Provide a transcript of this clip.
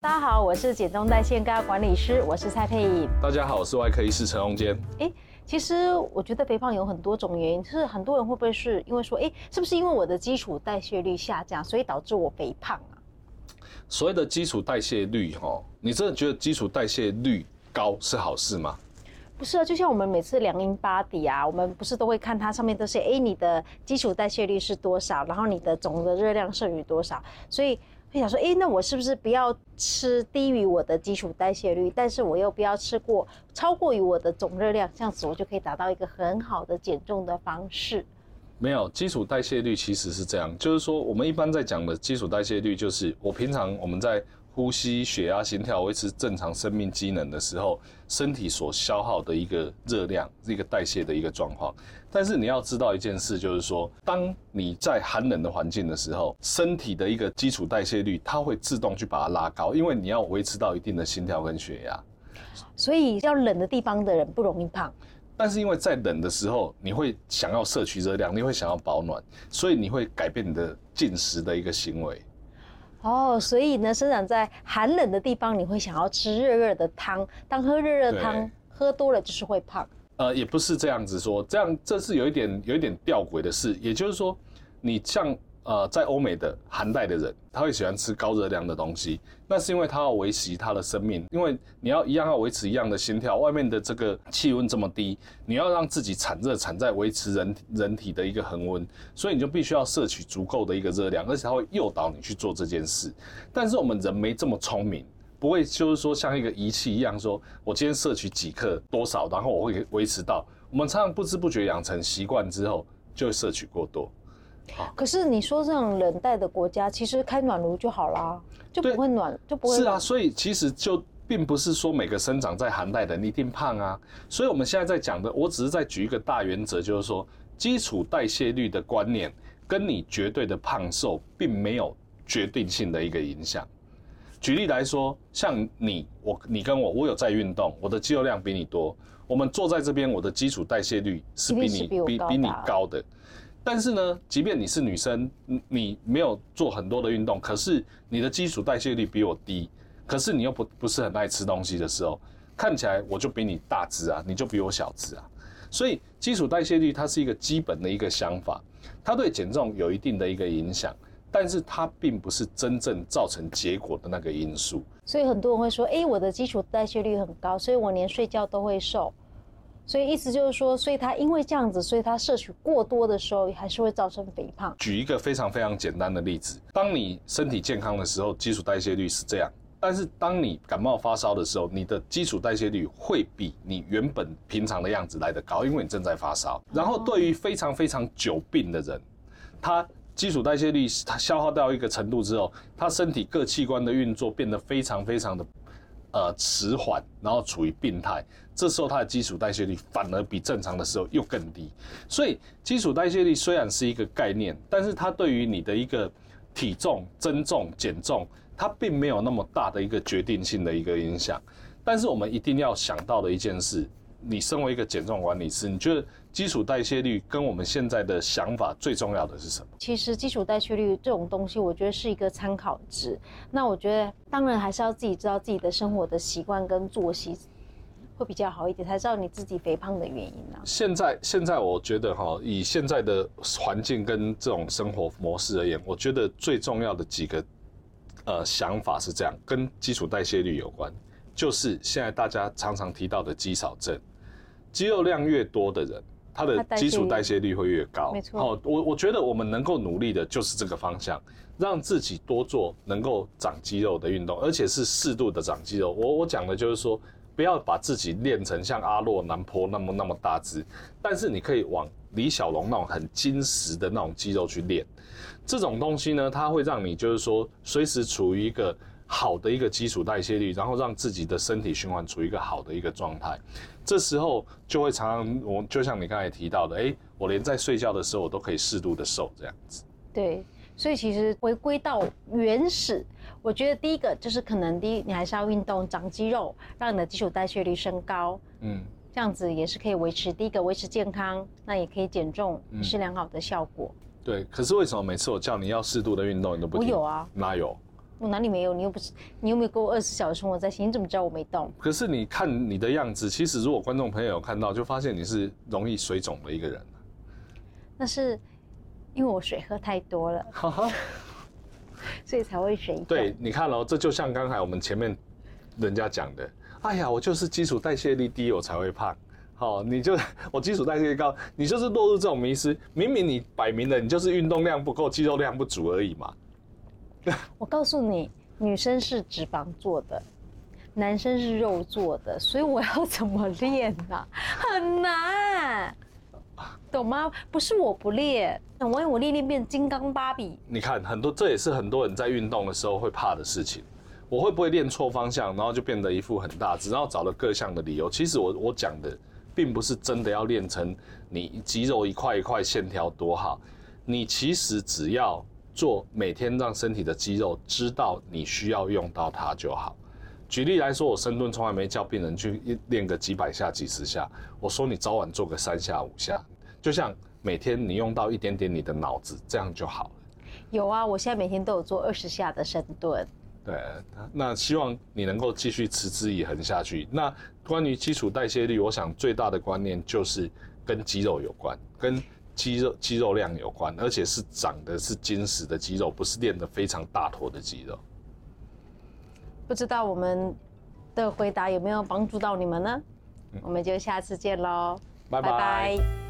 大家好，我是減重代謝高管理師，我是蔡佩穎。大家好，我是外科醫師陳榮堅。哎，其實我覺得肥胖有很多種原因，就是很多人會不會是因為說，哎、欸，是不是因為我的基礎代謝率下降，所以導致我肥胖啊？所謂的基礎代謝率哈、哦，你真的覺得基礎代謝率高是好事嗎？不是啊，就像我們每次量 InBody 啊，我們不是都會看它上面都是，哎、欸，你的基礎代謝率是多少，然後你的總的熱量剩餘多少，所以。就想說，哎，那我是不是不要吃低於我的基礎代謝率，但是我又不要吃過超過於我的總熱量，這樣子我就可以達到一個很好的減重的方式？沒有，基礎代謝率其實是這樣，就是說我們一般在講的基礎代謝率，就是我平常我們在。呼吸、血壓、心跳維持正常生命機能的時候，身體所消耗的一個熱量、一個代謝的一個狀況。但是你要知道一件事，就是說，當你在寒冷的環境的時候，身體的一個基礎代謝率，它會自動去把它拉高，因為你要維持到一定的心跳跟血壓。所以，要冷的地方的人不容易胖。但是，因為在冷的時候，你會想要攝取熱量，你會想要保暖，所以你會改變你的進食的一個行為。哦，所以呢，生長在寒冷的地方，你會想要吃熱熱的湯。當喝熱熱湯，喝多了就是會胖。呃，也不是這樣子說，這樣這是有一點有一點弔詭的事，也就是說，你像。呃，在歐美的寒帶的人，他會喜歡吃高熱量的東西，那是因為他要維持他的生命，因為你要一樣要維持一樣的心跳，外面的這個氣溫這麼低，你要讓自己產熱產在維持人人體的一個恆溫，所以你就必須要攝取足夠的一個熱量，而且他會誘導你去做這件事。但是我們人沒這麼聰明，不會就是說像一個儀器一樣說，說我今天攝取幾克多少，然後我會維持到。我們常常不知不覺養成習慣之後，就會攝取過多。可是你說這種冷帶的國家，其實開暖爐就好啦，就不會暖，就不會冷，是啊。所以其實就並不是說每個生長在寒帶的你一定胖啊。所以我們現在在講的，我只是在舉一個大原則，就是說基礎代謝率的觀念跟你絕對的胖瘦並沒有決定性的一個影響。舉例來說，像你我你跟我，我有在運動，我的肌肉量比你多，我們坐在這邊，我的基礎代謝率是比你比比，比你高的。但是呢，即便你是女生，你沒有做很多的運動，可是你的基礎代謝率比我低，可是你又不不是很愛吃東西的時候，看起來我就比你大只啊，你就比我小只啊。所以基礎代謝率它是一個基本的一個想法，它對減重有一定的一個影響，但是它並不是真正造成結果的那個因素。所以很多人會說，欸，我的基礎代謝率很高，所以我連睡覺都會瘦。所以意思就是說，所以他因為這樣子，所以他攝取過多的時候，還是會造成肥胖。舉一個非常非常簡單的例子，當你身體健康的時候，基礎代謝率是這樣；但是當你感冒發燒的時候，你的基礎代謝率會比你原本平常的樣子來得高，因為你正在發燒。然後對於非常非常久病的人，他基礎代謝率他消耗到一個程度之後，他身體各器官的運作變得非常非常的。呃，遲緩，然後處於病態，這時候它的基礎代謝率反而比正常的時候又更低。所以，基礎代謝率雖然是一個概念，但是它對於你的一個體重增重、減重，它並沒有那麼大的一個決定性的一個影響。但是我們一定要想到的一件事。你身為一個減重管理師，你覺得基礎代謝率跟我們現在的想法最重要的是什麼？其實基礎代謝率這種東西，我覺得是一個參考值。那我覺得當然還是要自己知道自己的生活的習慣跟作息會比較好一點，才知道你自己肥胖的原因呢啊。現在現在我覺得哈，以現在的環境跟這種生活模式而言，我覺得最重要的幾個呃想法是這樣，跟基礎代謝率有關。就是現在大家常常提到的肌少症，肌肉量越多的人，他的基礎代謝率會越高。沒錯。哦，我我覺得我們能夠努力的就是這個方向，讓自己多做能夠長肌肉的運動，而且是適度的長肌肉。我我講的就是說，不要把自己練成像阿諾、藍波那麼那麼大隻，但是你可以往李小龍那種很精實的那種肌肉去練。這種東西呢，它會讓你就是說隨時處於一個好的一個基礎代謝率，然後讓自己的身體循環處於一個好的一個狀態，這時候就會常常，我就像你剛才提到的，哎，我連在睡覺的時候我都可以適度的瘦這樣子。對，所以其實回歸到原始，我覺得第一個就是可能第一你還是要運動長肌肉，讓你的基礎代謝率升高，嗯，這樣子也是可以維持第一個維持健康，那也可以減重，是、嗯、良好的效果。對，可是為什麼每次我叫你要適度的運動，你都不聽？我有啊，哪有？我哪裡沒有？你又不是，你又沒有過二十小時生活在心，你怎麼知道我沒動？可是你看你的樣子，其實如果觀眾朋友有看到，就發現你是容易水腫的一個人。那是因為我水喝太多了， 所以才會水腫。 對，你看嘍、哦，這就像剛才我們前面人家講的，哎呀，我就是基礎代謝率低，我才會胖。好、哦，你就我基礎代謝率高，你就是落入這種迷思。明明你擺明了，你就是運動量不夠，肌肉量不足而已嘛。 我告訴你，女生是脂肪做的，男生是肉做的，所以我要怎麼練啊？很難， 懂嗎？不是我不練，等我練練變金剛芭比。你看，很多，這也是很多人在運動的時候會怕的事情。我會不會練錯方向，然後就變得一副很大，只要找了各項的理由。其實我我講的，並不是真的要練成你肌肉一塊一塊線條多好，你其實只要。做每天讓身體的肌肉知道你需要用到它就好。舉例來說，我深蹲從來沒叫病人去練個幾百下、幾十下，我說你早晚做個三下五下，就像每天你用到一點點你的腦子，這樣就好了。有啊，我現在每天都有做二十下的深蹲。對，那希望你能夠繼續持之以恆下去。那關於基礎代謝率，我想最大的觀念就是跟肌肉有關，跟。肌肉、肌肉量有關，而且是長的是結實的肌肉，不是練得非常大坨的肌肉。不知道我們的回答有沒有幫助到你們呢？嗯、我們就下次見嘍，拜拜。拜拜。